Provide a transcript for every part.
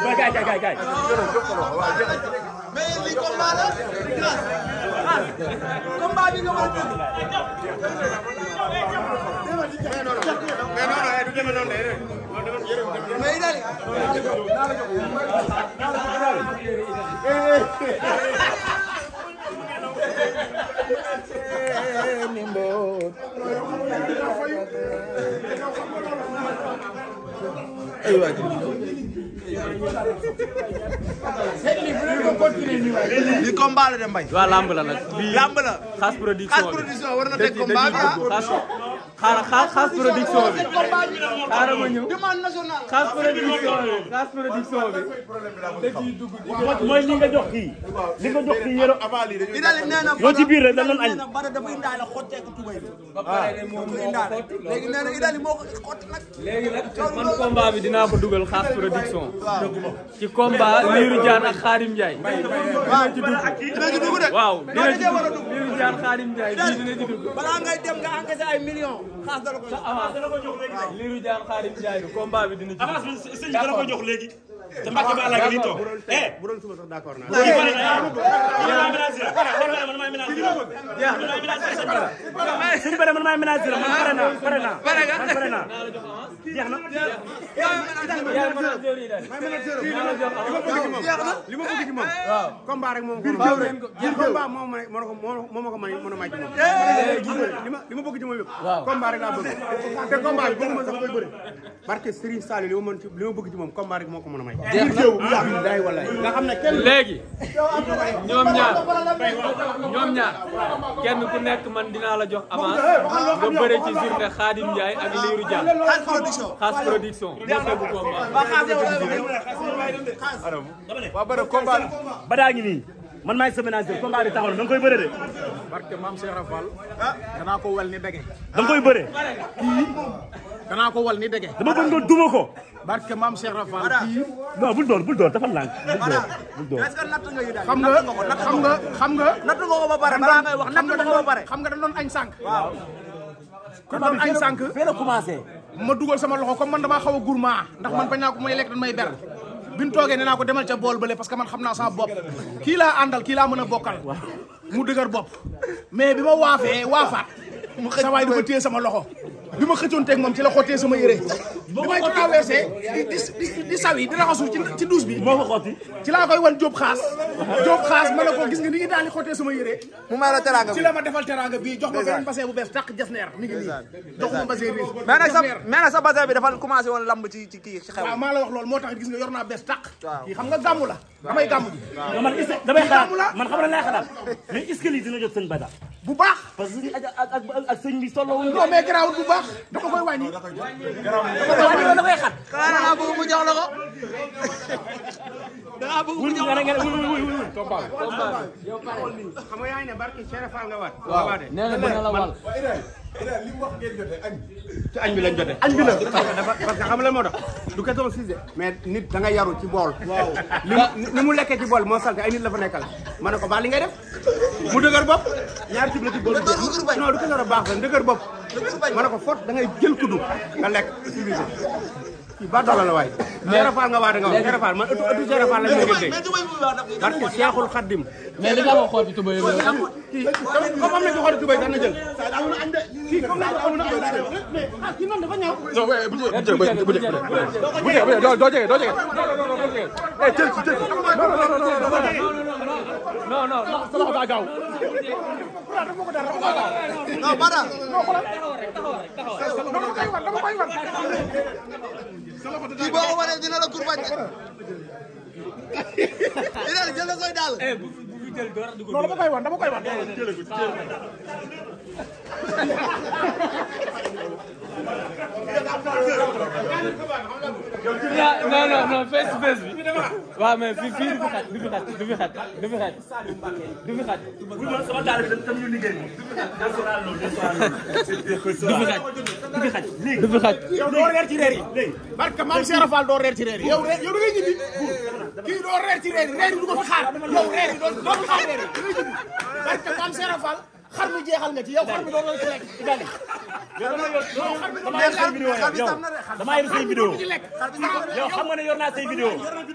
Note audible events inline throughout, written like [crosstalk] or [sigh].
waaw kay kay kay. mais lii combat la. ah combat bi nga war a déglu. mais Idda li. aywa. li combat la de mbay. waaw lamb la nag. lamb la. xaas production bi xaas production war na teg combat ah. xaaral xaas xaas production bi xaaral ma ñëw xaas production bi xaas production bi da ciy dugg di mooy li nga jox kii li nga jox kii yoro avant lii dañuy loo ci biir rek da doon añ ba da dafa indaale xotteeku tubay bi ba pare ne moom moo xott léegi nee na Idali moo ko xott nag léegi nag man combat bi dinaa ko dugal xaas production ci combat Lirou Diane ak Khadim Ndiaye waaw dina ci dugg de waaw dina ci dugg Lirou Diane Khadim Ndiaye dina ci dugg balaa ngay dem nga engagé ay millions xaas dana ko jox léegi. liiru jaan xaarim jaay bi combat bi dina ci. avance bi sëñ bi dana ko jox léegi. te Mbacke Ba allah gi lii toog eh. bu doon li ma bëgg ci moom. waaw combat rek moom. moom moo ko moo ma ko may mën a may ci moom. li ma li ma moom yëpp. waaw combat moom moo ko mën may. nga xam ne kenn léegi ñoom ñaar ñoom ñaar kenn ku nekk man dinaa la jox avance nga bëre ci journée Khadim Ndiaye ak Lirou Diane xaas production bu combat ba daa ngi nii man maay sa ménageur combat bi taxaw na da nga koy bëre de barke maam Cheikh Fall danaa ko wel ni dege da nga koy bëre kii danaa ko wal ni dege. dama bëgg nga duma ko. barke maam Cheikh Rafal kii. non bul door bul door dafa lànk. nga xam nga xam nga xam nga. ba pare balaa ngay wax natt nga ko ba xam nga dañ doon añ sànq. waaw. dañ doon añ sànq. fee la commencé. ma dugal sama loxo comme man damaa xaw a gourmand. ndax man bañ naa ko may lekk dañ may ber. bi toogee nee naa ko demal ca bool bële parce que man xam naa sama bopp kii laa àndal kii laa mën a bokkal mu dëgër bopp mais bi ma waafee waafaat sa waay dafa téye sama loxo bi ma xëccoon teg moom ci la xottee sama yére bi may traversé di di di saw yi di raxasu ci ci bi moo xotti ci laa koy wan Diop xaas Diop xaas ma ne ko gis nga ni ngi daal ci la ma defal teranga bi jox ma benn bassin bu bees tàq jasneer mi ngi nii jox ma bassin bi mais nag sa mais nag sa bassin bi dafa commencé ci kii ci xew waaw la wax loolu moo tax gis nga yor naa i tàq kii xam nga gàmmu la damay gàmmu ji man damay xalaat man xam na lay xalaat mais est-ce que lii dina jot bu baax. parce ak ak ak sëñ bi solo wu. non mais garaawul bu baax da ko koy wàññi. da koy wàññi da koy xat. xanaa bëgg mu jox la ko. danaa bëgg mu jox la ko wul wul wul. toppal toppal yow pare. xam nga yaa ngi ne barki Cheikh Fall nga war. waaw nee na dina la ci añ bi lañ jotee. añ bi la parce que xam la moo tax du question sujet mais nit da nga yaru ci bool. waaw li mu lekkee ci bool moo salte ay nit la fa nekkal ma ne ko baax li ngay def. mu dëgër bopp ñaari tub la ci bool bi non du ko yor a baax la dëgër bopp ma ne ko fot da ngay jël kuddu nga lekk utilisé kii ba dola la waay jërëfaal nga waa da nga wax jërëfaal man ëttu ëttu jërëfaal lañ leen dégg parce que Seexul Xaddim mais li nga wax xooti tubay yi kii comme am na ci xooti tubay sax na jël kii comme na kii noonu dafa ñaaw non bu jël bu jël bu jël doo jege doo jege eh jël ci jël non non non sa loxo daa gaaw. Fara dama ko dara dama ko gaaw. non Bada. non xoolal dama koy la jël na koy daal. non dama wan dama koy wan. non non non face face bi waaw mais fii fii du fi xat du fi xat du fi xat du fi xat du fi xat sama daal bi tam ñu liggéey du fi xat da soral lool du fi xat du fi xat yow doo reer ci reer yi léegi barka maam Cheikh Rafal doo reer ci reer yi yow yow da ngay ñibbi kii doo reer ci reer yi reer yi du ko fi xaar yow reer yi doo ko xaar reer yi barka maam Cheikh Rafal xar mi jeexal nga ci yow xar mi doon ci lekk Idaly. damaa yor say vidéo yow xam nga ne yor naa say vidéo.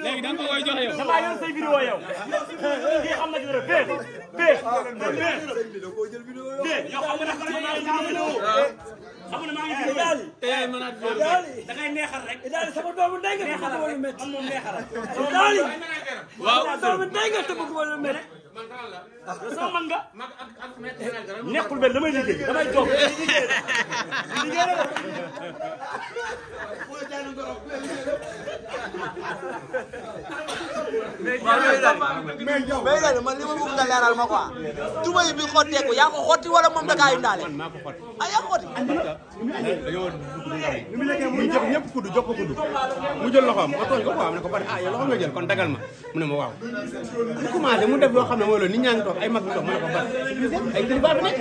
léegi da nga koy joxe yow. damaa yor say vidéo yow. kii xam na ci dara bee bee bee yow xam nga ne xam naa vidéo. xam nga ne maa ngi vidéo te yaay mën a da ngay neexal rek. Idaly sama doomu ndey nga te bëgg wala métti. Idaly sama doomu ndey nga te bëgg wala métti. parce que sama mag nga nekkul benn damay liggéey damay toog [laughs] liggéey liggéey la mais yow mais léegi man li ma bëgg nga leeral ma quoi. tubay bi xotteeku yaa ko xotti wala moom da kaa indaale. man maa ko xotti ah yaa ko xotti. mu jox ñëpp kudd jox ko kudd mu jël loxoom ma tooñ ko quoi mu ne ko bari ah yow loxoom nga jël kon dagal ma mu ne ma waaw. mu commencé mu def loo xam ne mooy loolu nit ñaa ngi toog ay mag ñu toog ma ne ko bari ay kilifa bi nekk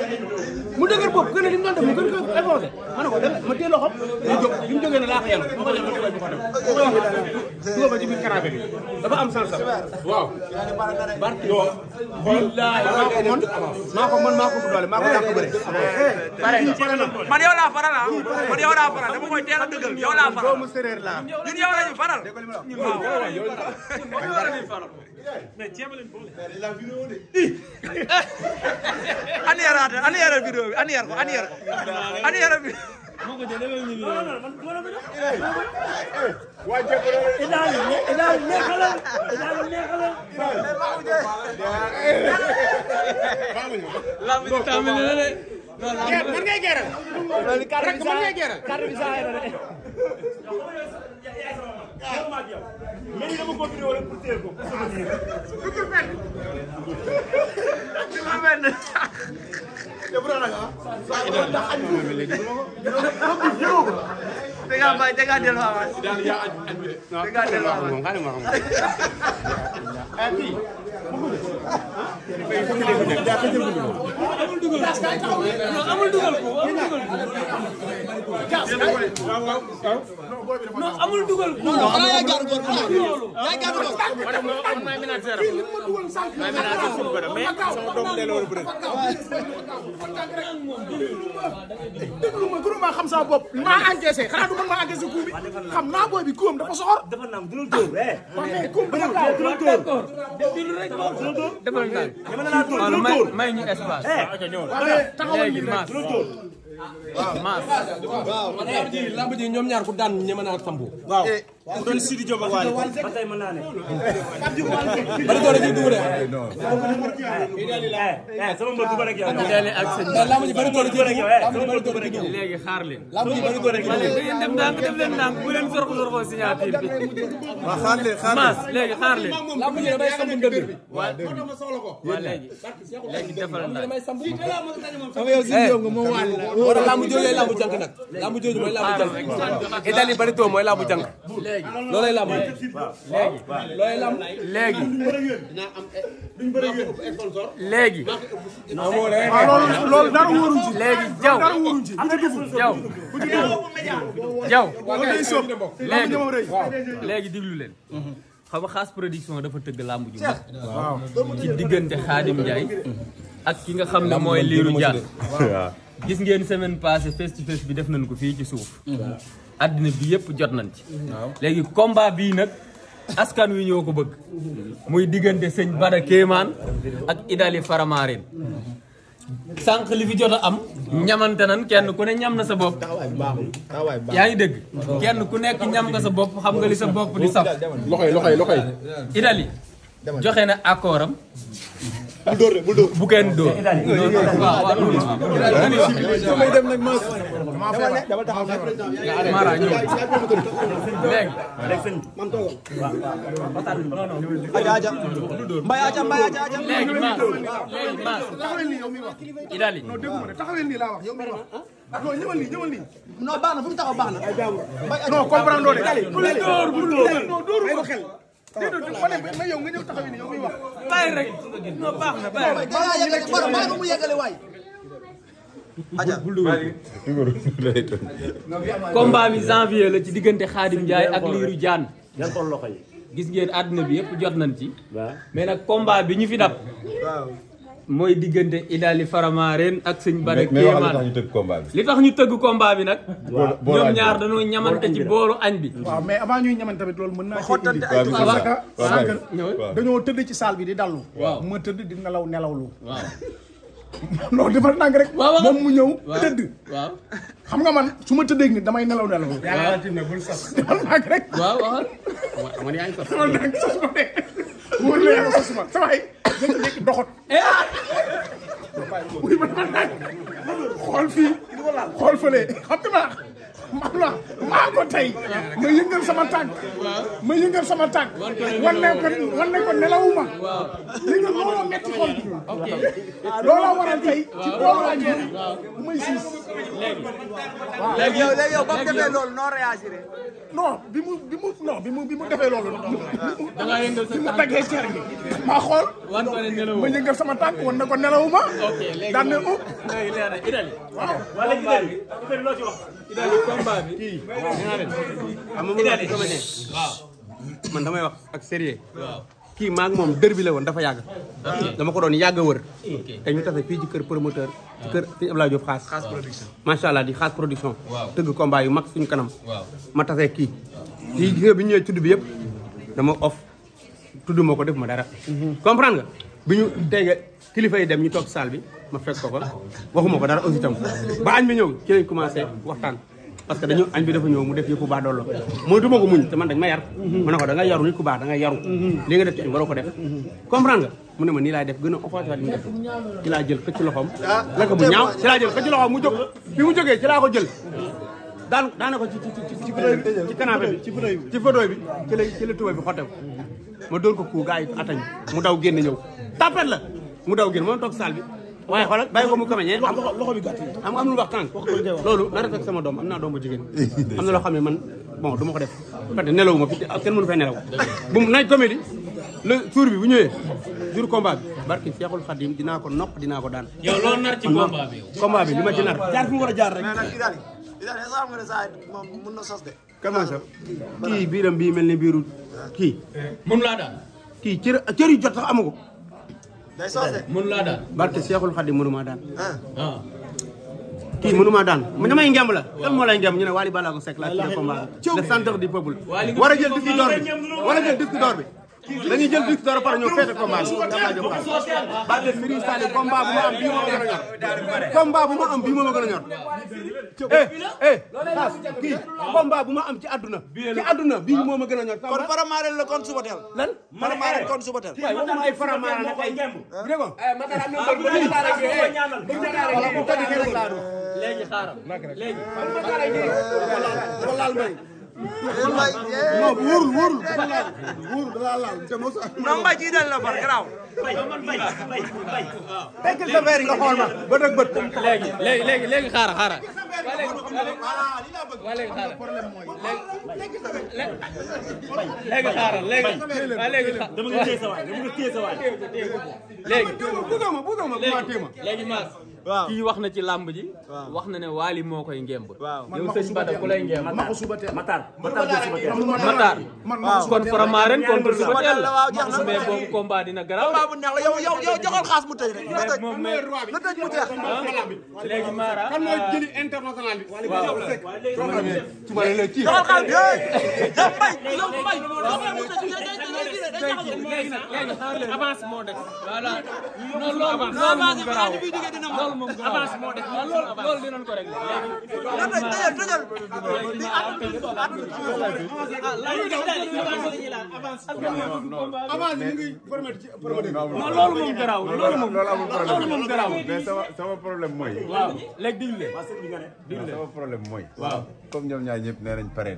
mu dëgër bopp gën a li mu doon def mu gën ko évoqué ma ne ko dëgg ma téye loxoom mu jóg bi mu jógee ne laa ko yàlla ma ko def ma tubay bi xoteeku. dugal ma ci biir karabe bi dafa am sens waaw. barke yow. billaahi maa ko mën maa ko mën maa ko doole maa ko dàq bëre. pare man yow laa faral ah man yow laa faral dama koy teel a dëggal yow laa faral ñun yow la ñu faral. mais ceeb lañ boole. ani yaraate ani yara vidéo bi ani yar ko ani yar ko ani yara bi. moo ko jëlee loolu ñu non non man duma la ko jox. waa jëkkërë. Idaal ne Idaal neexalal Idaal neexalal. lamb ji tàmbali na de. man ngay geeral. rek man ngay geeral. carte bi saa yore de. mais ni dama ko vidéo rek pour téye ko. danga bay danga dellu avance. danga dellu avance. amul dugal ko amul dugal ko non yaa jaar góor yaa jaar góor ma mina zéro ma dugal sank ma mina zéro mais sama doom lelo bëre déglu ma gënu ma xam sa bopp ma encaissé xanaa du man ma encaissé coup bi xam naa booy bi kuum dafa soxor dafa nang du lu dóor eh dafa nang may may ñu espace. Eh, léegi maas maas. waaw lamb ji ñoom ñaar ku daan ñeme naa ak sambo waaw. Eh, mu doon Sidi Diop ak Waly ba tey mën naa ne. bala doole ji dugg de. sama mbër du bëri ak yow. laamu ji bari doole ji dugg laamu ji bari doole ji dugg. léegi xaar leen. laamu ji bari doole ji dugg. da ngeen def ndànk def leen ndànk bu leen sorxu sorxoo signature bi. waaw xaar leen xaar leen Mass léegi xaar leen. laamu ji damay sampu ndënd bi. waaw léegi léegi defal naa. xam nga yow Sidi Diop nga moom Waly la. wala laamu jooju mooy laamu jànk nag. laamu jooju mooy laamu jànk. Italie bari doo mooy laamu jànk. léegi loolay lam eh, léegi léegi léegi loolu dara wóoruñ ci léegi jaw jaw jaw léegi léegi diglu leen mhm. xam nga xaas production dafa tëgg làmb ji mag ci diggante Xaadim Njaay ak ki nga xam ne mooy liiru jaar gis ngeen semaine passée face to bi def nañ ko fii ci suuf àddina bi yëpp jot nañ ci. léegi combat bii nag askan wi ñoo ko bëgg. muy diggante sëñ Bada Kéemaan ak Idali Faramareen. sanq li fi jot a am. ñamante nan kenn ku ne ñam na sa bopp. yaa ngi dégg. kenn ku nekk ñam nga sa bopp xam nga li sa bopp di saf. loxoy loxoy loxoy. Idali joxe na accord am. bul dóor de bul dóor bu kenn dóor. non ñëwal lii ñëwal lii. non baax na fu mu taxaw baax na. non comprendre loo de. bul dóor bul dóor non dóoru ko xel. déedéet ma ne ma ci biir maa ngi mu yegale waay. Aja combat janvier la ci diggante Khadim Ndiaye ak Lirou Diane. gis ngeen àdduna bi yëpp jot nañ ci. mais nag combat bi ñu fi dab. mooy diggante Idali Faramareen ak sëñ Bare Kéemaan li tax ñu tëgg combat li tax ñu tëgg combat mi nag. ñoom ñaar dañoo ñamante ci boolu añ bi. waaw mais avant ñuy ñamante tamit loolu mën naa. xottante ay tubaab parce que sànq tëdd ci saal bi di dallu. waaw ma tëdd di nelaw nelawlu. waaw. [laughs] non defal nang rek. waaw moom mu ñëw tëdd. waaw xam nga man su ma tëddee nit damay nelaw nelaw. [laughs] waaw yàlla na bul sas. defal ma de. wóor na yàlla sa waay dafa nekk doxot. wuy ma xool fii xool fële xam nga maanaam maa ko tey ma yëngal sama tànk ma yëngal sama tànk wan ne ko wan ne ko nelawuma li nga looloo metti xol bi looloo waral tey ci boolaa ji bu may siis waaw léegi yow léegi yow ba mu defee loolu noo réagir non bi mu bi mu non bi mu bi mu defee loolu bi mu taggee cer bi maa xool ma yëngal sama tànk wan ne ko nelawuma daan ne upp oh. waaw léegi léegi Idaly loo ci man damay wax ak sérieux. kii maa ngi moom dër bi woon dafa yàgg dama ko doon yàgg a wër te ñu tase fii ci kër promoteur ci kër sëñ Abdoulaye Diop xaas macha allah di xaas production tëgg combat yu mag suñu kanam ma tase kii lii bi ñu ñëwee tudd bi yëpp dama off tudd ma ko def ma dara comprendre nga bi ñu tey kilifa yi dem ñu toog saal bi ma fekk ko fa waxuma ko dara aussi tam ba añ bi ñëw ci lañ commencé waxtaan parce que dañu añ bi dafa ñëw mu def yëfu baax dool la mooy duma ko muñ te man ma yar ma ne ko da nga yaru nit ku baax da yaru li def ci añ waroo ko mu a ñaaw mu jóg bi mu jógee ci laa ko jël daan ko ci ci bi ci fauteuil bi ci la ci la ma dóor ko kuu gars yi atañ mu daw génn ñëw tapet la mu daw génn moom toog salle bi waaye xoolal bàyyi ko mu comédien am loxo bi gàtt am am lu wax tànk loolu na rafet sama doom am na doom bu jigéen [laughs] am na loo xam ne man bon du ma ko def parce que nelawu ma fi kenn mënu fay nelaw bu mu naaj comédie le jour bi bu ñëwee jour combat bi barki Seexul Xadim dinaa ko nopp dinaa ko daan yow loolu nar ci bi ma ci nar jaar fu mu war a jaar rek Idaly sax nga ne saa kii biiram bii mel ni biiru kii. mën laa daal. kii cër cër yu jot sax amu ko. day soose mënu laa daan. barke Seexul Xadim mënu maa daan. ah. ah. kii munu maa daan mu damay ngemb la. waaw kan moo lay ngemb ñu ne Waly Ballago Seck la. la combat le centre du peuple. war a jël disque d'or bi war a jël disque d'or bi. dañuy jël victoire dara pare ñëw féete combat bi bu ma am bii moo a ñor combat ma am bii gën a ñor eh eh Sass kii combat bu ma am ci àdduna ci àdduna bii moo ma gën a ñor kon faramaareel la kon suba teel lan faramaareel kon suba teel waaye waxuma ay faramaareel nag ay ngemb dégg nga léegi xaaral léegi walaal non wóorul wóorul dafa laal wóorul dafa laal demoo sax. non mbay jiital la far garaaw. bay bay bay bay. tekkil sa verre nga xool ma bët ak bët. léegi léegi léegi léegi xaaral xaaral. waa léegi xaaral léegi xaaral léegi waa léegi xa. dama nga téye sa waay dama nga téye sa waay. léegi léegi léegi maas. waaw kii wax na ci làmb ji. wax na ne waali moo koy ngemb. waaw man Maxu Suba teel man Maxu Suba teel Matar Matar. waaw kon Faramaren Suba teel la. mais boobu combat dina xaas mu tëj rek. avance moo loolu loolu dinañ ko loolu moom garaaw moom loolu moom garaaw mais sama sama problème mooy waaw léegi digle sama problème mooy waaw comme ñoom ñaar ñëpp nee nañ pare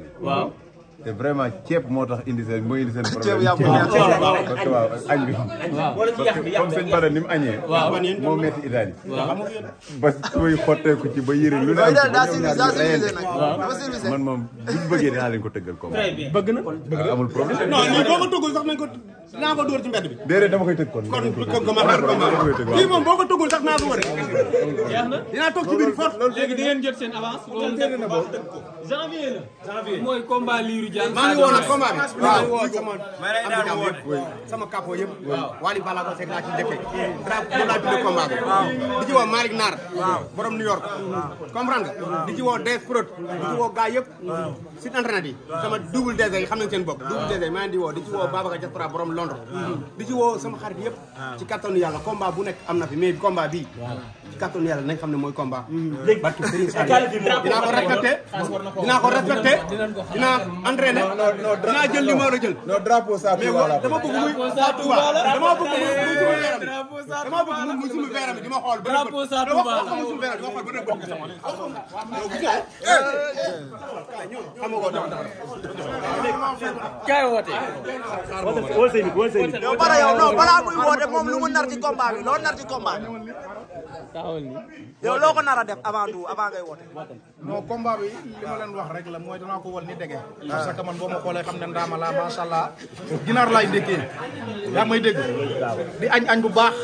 te vraiment ceeb moo tax indi seen moo indi seen problème parce que waaw añ bi comme sëñ Bada ni mu añee moo metti Italie ba muy xotteeku ci ba yëre lu ne am ci man moom buñ bëggee dinaa leen ko tëggal ko bëgg na amul problème non lii boo ko tëggul sax nañ ko naa ko dóor ci mbedd bi déedéet dama koy tëgg kon kon ko ma xaar ko ma lii moom boo ko tëggul sax naa ko wër dinaa toog ci biir fort léegi di ngeen jot seen avance janvier la janvier mooy combat nuyu Diagne maa ngi woon ak combat bi maa ngi woon sama am na jàmm yëpp sama capot yëpp Wally Ballago Seck laa ci njëkkee drapeau moom laa tuddee combat bi di ci woo Malick Nar borom New York comprendre di ci woo Des Prod di ci woo gars yëpp site internet yi sama double DG yi xam nañ seen bopp maa ngi di woo di ci woo Babacar Diaspora borom Londres di ci woo sama xarit yëpp ci kattanu yàlla combat bu nekk am na fi mais combat ci kàttanu yàlla nañ xam ne mooy combat. Mm-hmm. léegi barki Serigne Sall dinaa ko respecté dinaa ko respecté dinaa entraîné dinaa jël li ma war a jël. non drapeau saa Touba la dama bëgg muy saa Touba dama bëgg muy suñu weeram dama bëgg muy suñu weeram di ma xool taxawal ni yow loo ko nar a def avant tout avant ngay woote. leen wax rek la mooy danaa ko wal ni dege. Ah. parce que boo ma xoolee xam ne ndaama laa macha allah. ginaar laay ndékkee. yaa may dégg. di añ añ bu baax.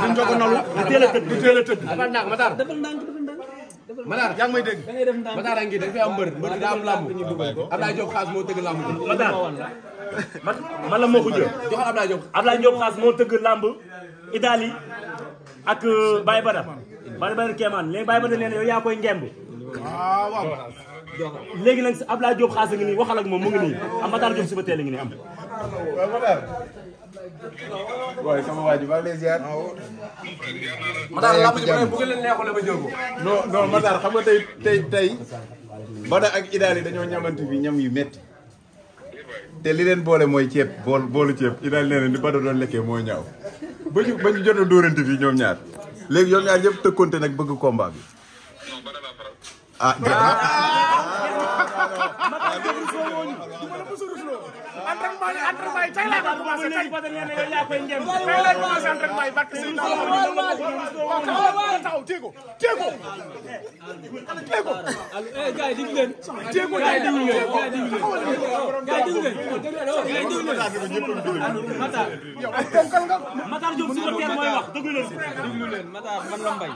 a njogo nalu di teel a tëdd di teel a tëdd. defal ndànk Matar defal ndànk defal ndànk. Matar yaa ngi may dégg. a ngi dañ fi am mbër mbër daa am làmb. Abdoulaye Diop xaas moo tëgg làmb bi. Matar man xaas moo tëgg làmb Italie ak euh, Baye Bada Baye Bada Kéemaan léegi Baye Bada nee na yow yaa koy ngemb léegi nag Abdoulaye Diop xaas a ngi nii waxal ak moom mu ngi nii am Matar Diop suba teel a ngi nii am waaye sama xam nga tey tey tey Bada ak Idaali dañoo ñamante bi ñam yu metti te li leen boole mooy ceeb bool boolu ceeb Idaali nee ni Bada doon lekkee mooy ñaaw ba ñu ba ñu jot a dóorante fii ñoom ñaar léegi ñoom ñaar ñëpp tëkkonte nak bëgg combat bi. ah. entraînement yi entraînement yi tey laa ko commencé tey tey laa commencé entraînement yi barke sëñ taxaw téye ko téye ko téye ko gars yi déglu leen téye ko gars yi déglu leen Matar Matar Diop si docteur mooy wax déglu leen déglu leen Matar man la mbay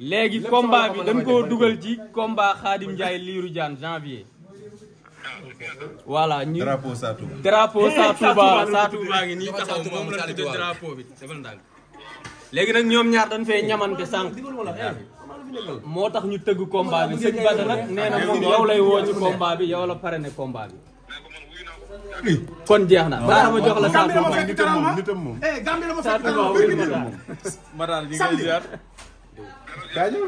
léegi combat bi dañ koo dugal ci combat Khadim Ndiaye Lirou Diane janvier voilà ñu drapeau Sa Touba. drapeau eh, Sa Touba Sa Touba ngi nii bi defal ndànk léegi nag ñoom ñaar dañ fee ñamante eh, moo tax ñu tëgg combat bi sëñ Bada nag nee na moom yow lay woo ci pare ne combat kon jeex na baara ma jox la Sa Touba nitam moom nitam moom eh, Sa Touba wér ma daal. kaa ñëw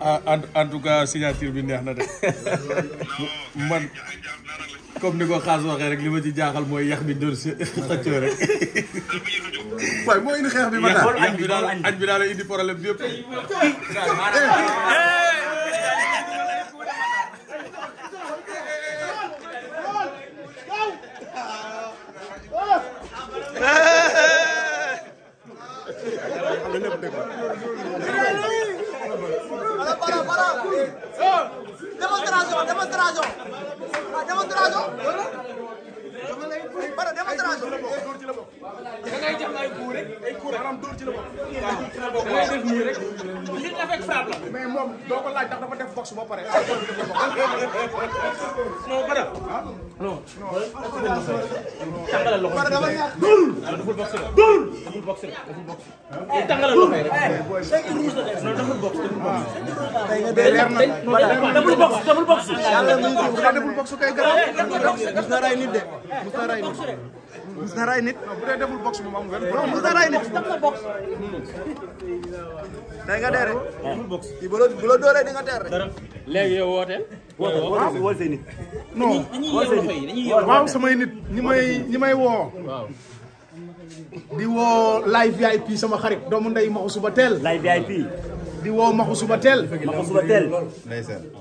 ah, ah, en bi neex na de [laughs] man comme ni ko xaas waxee rek li ma ci jaaxal mooy yax bi doon rek. [laughs] bi ma daal yax bi daal añ maanaam dóor ci la bokk. da ngay def nii rek li nga fekk frappe la. mais moom doo ko laaj ndax dafa def box ba pare. [laughs] non Bada. Ah? non. tàngalal loxo daful box la. daful box la daful box la. tàngalal loxo eh. eh. rek. non daful box daful box. Ah. tey nga dee leer na daful box daful box. yàlla muy eh, daful box kay garab. mus na ray nit de mus na ray nit. mos na rey bu dee deful box moom amul benn problème. mos na rey nit nga dee rek. Ah. bu la la dooree di nga waaw samay nit ñi may ñi may woo. di woo live VIP sama xarit doomu ndey maxu suba teel. live VIP. di woo maxu suba teel. maxu suba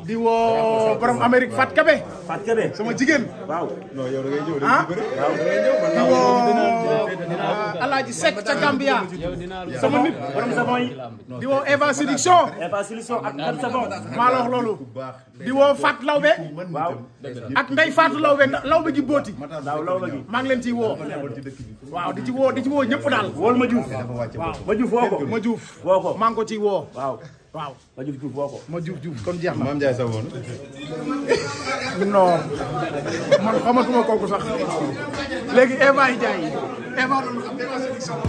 di woo borom Amérique Fat Kabe. Fat Kabe sama jigéen. waaw non yow da ngay ñëw ah di woo Alaaji Seck ca Gambia sama nit borom savon yi. di woo Eva Séduction. Eva Séduction ak kan savon. maa la wax loolu. di woo Fat Lawbe. waaw ak Ndey Fat Lawbe Lawbe ji booti. maa ngi leen ciy woo. waaw di ci woo di ci woo ñëpp daal. wool ma Diouf. waaw ma Diouf woo ma Diouf woo ko maa ngi ko ciy woo. waaw. waaw ma juuf juuf woo ko. ma juuf juuf kon jeex na maam Ndiaye sa woon. non man xamatuma kooku sax léegi Eva yi Ndiaye Eva loolu xam